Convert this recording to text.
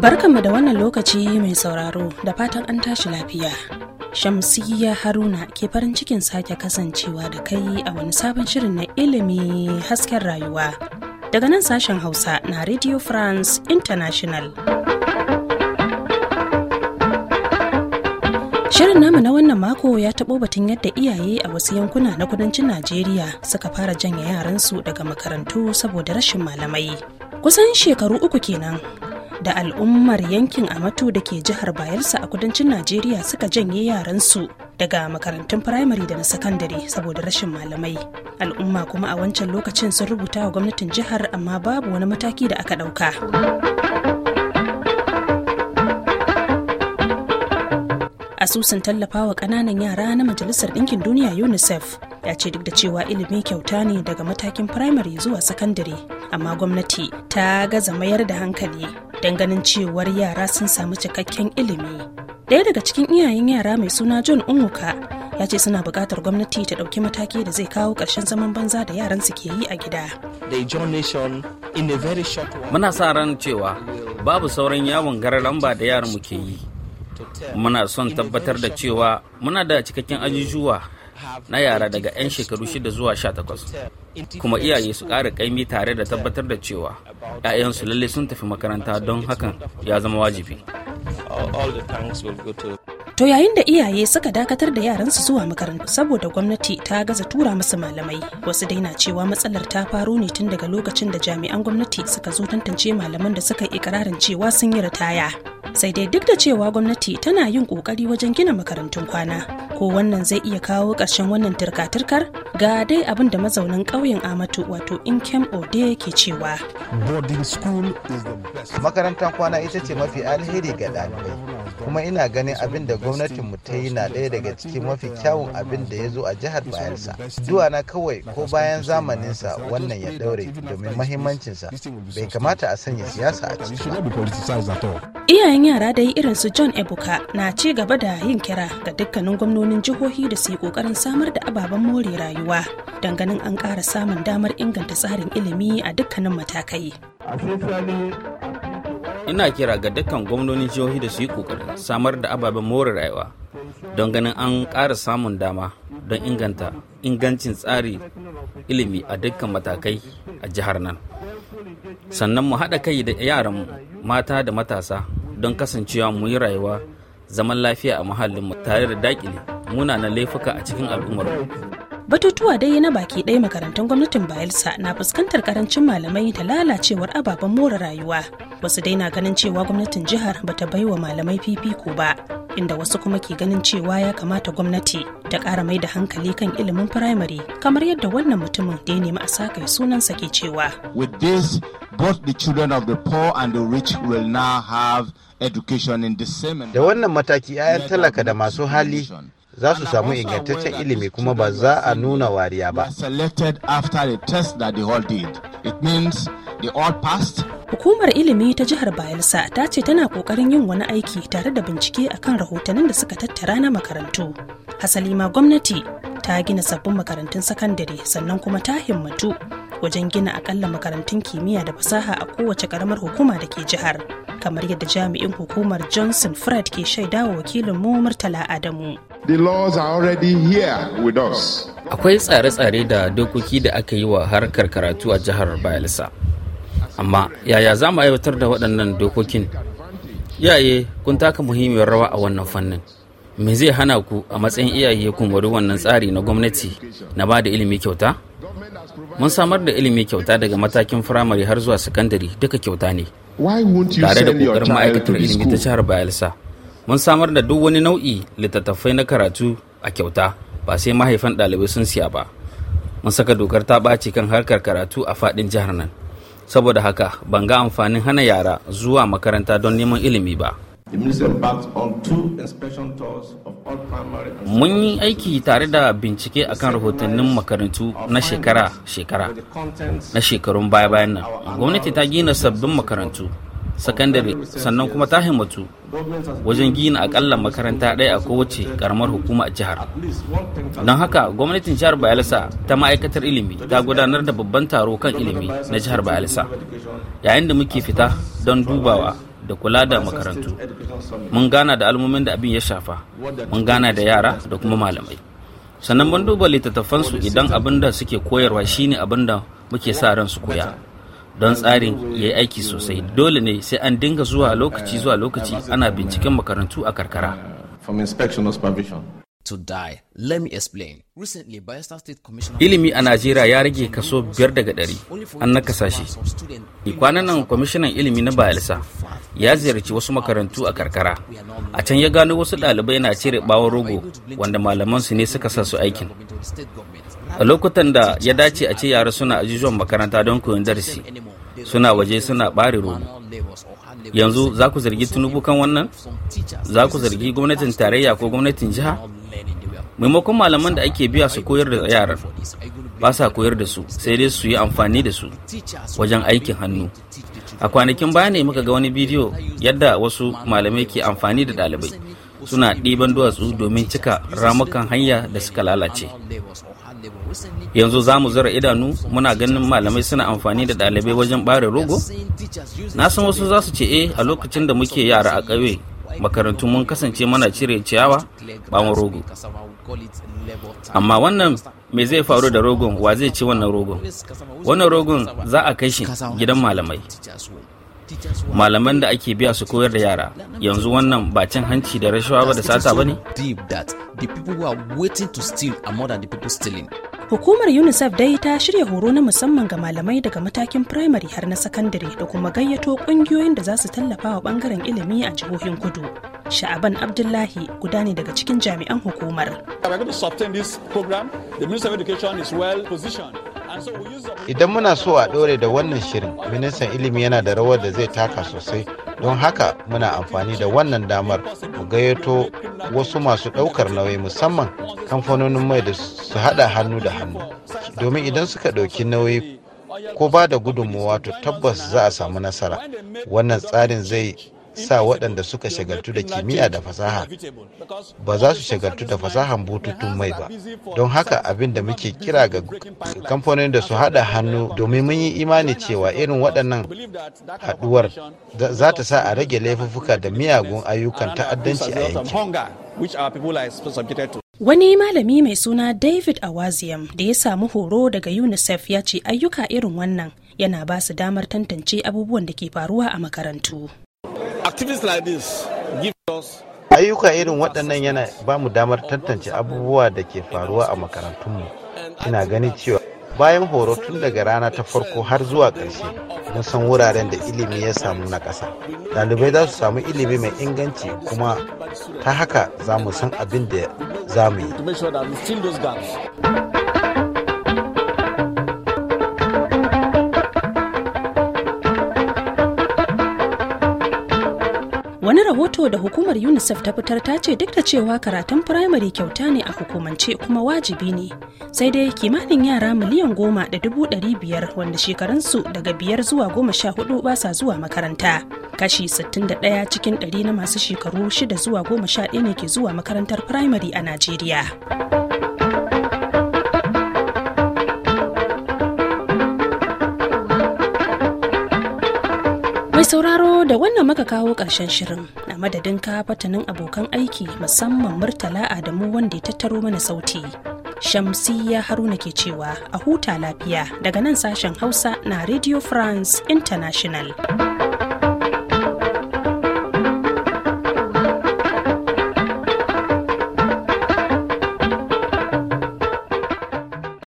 Barkanmu da wannan lokaci mai sauraro da fatan an tashi lafiya. Shamsiyya Haruna ke farin cikin sake kasancewa da kai a wani sabon shirin na ilimi hasken rayuwa. Daga nan sashen Hausa na Radio France International. Shirin namu na wannan mako ya taɓo batun yadda iyaye a wasu yankuna na kudancin Najeriya suka fara janye yaransu daga makarantu saboda rashin malamai. Kusan shekaru uku kenan da al'ummar yankin Amatu da ke jihar Bayelsa a kudancin Najeriya suka janye yaransu daga makarantun firamare da na sakandare saboda rashin malamai. Al'umma kuma a wancan lokacin sun rubuta wa gwamnatin jihar amma babu wani mataki da aka ɗauka. asusun wa ƙananan yara na majalisar ɗinkin duniya unicef ya ce duk da cewa ilimi kyauta ne daga matakin firamare zuwa sakandare amma gwamnati ta gaza mayar da hankali don ganin cewar yara sun samu cikakken ilimi ɗaya daga cikin iyayen yara mai suna john unwuka ya ce suna buƙatar gwamnati ta ɗauki mataki da zai kawo ƙarshen zaman banza da yaran su ke yi a gida muna sa ran cewa babu sauran yawon gara lamba da yaran mu ke yi muna son tabbatar da cewa muna da cikakken ajujuwa na yara daga 'yan shekaru shida zuwa 18 kuma iyaye su ƙara ƙaimi tare da tabbatar da cewa 'ya'yansu lalle sun tafi makaranta don hakan ya zama wajibi. To yayin da iyaye suka dakatar da yaransu zuwa makarantu saboda gwamnati ta gaza tura musu malamai wasu dai na cewa matsalar ta faru ne tun daga lokacin da jami'an gwamnati suka zo tantance malaman da suka yi ikirarin cewa sun yi ritaya. Sai dai duk da cewa gwamnati tana yin kokari wajen gina makarantun kwana ko wannan zai iya kawo ƙarshen wannan turka-turkar ga dai abin da mazaunin ƙauyen Amatu wato Inkem Ode ke cewa. Makarantar kwana ita ce mafi alheri ga ɗalibai. kuma ina ganin abin da gwamnatinmu ta yi na ɗaya daga cikin mafi kyawun abin da ya zo a jihar bayelsa duwana kawai ko bayan zamaninsa wannan ya ɗaure domin mahimmancinsa bai kamata a sanya siyasa a ciki iyayen yara da yi irin su john ebuka na ci gaba da yin kira ga dukkanin gwamnonin jihohi da su yi ƙoƙarin samar da ababen more rayuwa don ganin an ƙara samun damar inganta tsarin ilimi a dukkanin matakai. ina kira ga dukkan gwamnonin jihohi da su yi kokarin samar da ababen more rayuwa don ganin an ƙara samun dama don inganta ingancin tsari ilimi a dukkan matakai a jihar nan sannan mu haɗa kai da yaran mata da matasa don kasancewa mu yi rayuwa zaman lafiya a muhallin muhallinmu tare da dakile munanan laifuka a cikin al'ummarmu. batutuwa dai na baki ɗaya makarantun gwamnatin bayelsa na fuskantar karancin malamai da lalacewar ababen more rayuwa wasu dai na ganin cewa gwamnatin jihar bata baiwa malamai fifiko ba inda wasu kuma ke ganin cewa ya kamata gwamnati ta ƙara mai da hankali kan ilimin firamare kamar yadda wannan mutumin da ya nemi a sakai sunansa ke cewa with this both the children of the poor and the rich will now have da wannan mataki 'ya'yan talaka da masu hali za su samu ingantaccen ilimi kuma ba za a nuna wariya ba. Hukumar ilimi ta jihar Bayelsa ta ce tana kokarin yin wani aiki tare da bincike a kan rahotannin da suka tattara na makarantu. Hasali ma gwamnati ta gina sabbin makarantun sakandare sannan kuma ta himmatu wajen gina akalla makarantun kimiyya da fasaha a kowace karamar hukuma da ke jihar. Kamar yadda jami'in hukumar Johnson Fred ke shaidawa wakilin mu Murtala Adamu. The laws are already here with us. Akwai tsare-tsare da dokoki da aka yi wa harkar karatu a jihar Bayelsa. Amma yaya za mu aiwatar da waɗannan dokokin? Iyaye kun taka muhimmiyar rawa a wannan fannin. Me zai hana ku a matsayin iyaye kun wari wannan tsari na gwamnati na ba da ilimi kyauta? Mun samar da ilimi kyauta daga matakin firamare har zuwa sakandare duka kyauta ne. Tare da ƙoƙarin ma'aikatar ilimi ta jihar Bayelsa. mun samar da duk wani nau'i littattafai na karatu a kyauta ba sai mahaifan ɗalibai sun siya ba mun saka dokar ta ɓaci kan harkar karatu a faɗin jihar nan saboda haka ban ga amfanin hana yara zuwa makaranta don neman ilimi ba mun yi aiki tare da bincike a kan rahotannin makarantu na shekara-shekara na shekarun baya-bayan nan gwamnati ta gina sabbin makarantu sakandare sannan kuma ta himmatu wajen gina akalla makaranta ɗaya a kowace karamar hukuma a jihar don haka gwamnatin jihar bayelsa ta ma'aikatar ilimi ta gudanar da babban taro kan ilimi na jihar bayelsa yayin da muke fita don dubawa da kula da makarantu mun gana da almomin da abin ya shafa mun gana da yara da kuma malamai sannan mun duba littattafansu idan abin da suke koyarwa shine abin da muke sa ran su koya don tsarin ya yi aiki sosai dole ne sai an dinga zuwa lokaci zuwa lokaci ana binciken makarantu a karkara. to die. Let me explain. Recently, Bayelsa State Commissioner Ilimi a Najeriya ya rage kaso biyar daga ɗari an nakasa shi. Kwanan nan kwamishinan ilimi na Bayelsa ya ziyarci wasu makarantu a karkara. A can ya gano wasu ɗalibai na cire ɓawon rogo wanda malaman su ne suka sa su aikin. A lokutan da ya dace a ce yara suna ajujuwan makaranta don koyon darasi suna waje suna ɓare rogo. yanzu za ku zargi tunubu wannan za ku zargi gwamnatin tarayya ko gwamnatin jiha maimakon malaman da ake biya su koyar da yaran ba sa koyar da su sai dai su yi amfani da su wajen aikin hannu a kwanakin baya ne muka ga wani bidiyo yadda wasu malamai ke amfani da ɗalibai suna ɗiban duwatsu domin cika ramukan hanya da suka lalace yanzu za mu zura idanu muna ganin malamai suna amfani da ɗalibai wajen ɓare rogo na san wasu za su ce eh a lokacin da muke yara a ƙauye makarantu mun kasance mana cire ciyawa bawon rogo amma wannan me zai faru da rogon wa zai ci wannan rogon wannan rogon za a kai shi gidan malamai malaman da ake biya su koyar da yara yanzu wannan ba cin hanci da rashawa ba da sata ba ne Hukumar UNICEF dai ta shirya horo na musamman ga malamai daga matakin firamare har na sakandare da kuma gayyato kungiyoyin da za su tallafa wa bangaren ilimi a jihohin kudu. Sha'aban Abdullahi guda ne daga cikin jami'an hukumar. Idan muna so a ɗore da wannan shirin, ministan ilimi yana da rawar da zai taka sosai don haka muna amfani da wannan damar mu gayyato wasu masu ɗaukar nauyi musamman kamfanonin mai da su haɗa hannu da hannu domin idan suka ɗauki nauyi ko ba da gudunmuwa to tabbas za a samu nasara wannan tsarin zai sa waɗanda suka shagaltu da kimiyya da fasaha ba za su shagaltu da fasahan bututun mai ba don haka abin da muke kira ga kamfanin da su haɗa hannu domin mun yi imani cewa irin waɗannan haɗuwar za ta sa a rage laifuffuka da miyagun ayyukan ta'addanci a yankin Wani malami mai suna David Awaziam da ya samu horo daga UNICEF ya ce ayyuka irin wannan yana ba su damar tantance abubuwan da ke faruwa a makarantu. activists like this give us ayyuka irin waɗannan yana ba mu damar tantance abubuwa da ke faruwa a makarantunmu ina ganin cewa bayan horo tun daga rana ta farko har zuwa ƙarshe mun san wuraren da ilimi ya samu na ƙasa ɗalibai za su samu ilimi mai inganci kuma ta haka za mu san abin da za mu yi wani rahoto da hukumar unicef ta fitar ta ce duk da cewa karatun firamare kyauta ne a hukumance kuma wajibi ne sai dai kimanin yara miliyan goma da dubu ɗari biyar wanda shekarunsu daga biyar zuwa goma sha hudu ba sa zuwa makaranta kashi da ɗaya cikin ɗari na masu shekaru shida zuwa goma sha ɗaya ne ke zuwa makarantar firamare a najeriya mai sauraro da wannan maka kawo ƙarshen shirin a madadin ka fatanin abokan aiki musamman murtala adamu wanda ya tattaro mana sauti shamsiya haruna ke cewa a huta lafiya daga nan sashen hausa na radio france international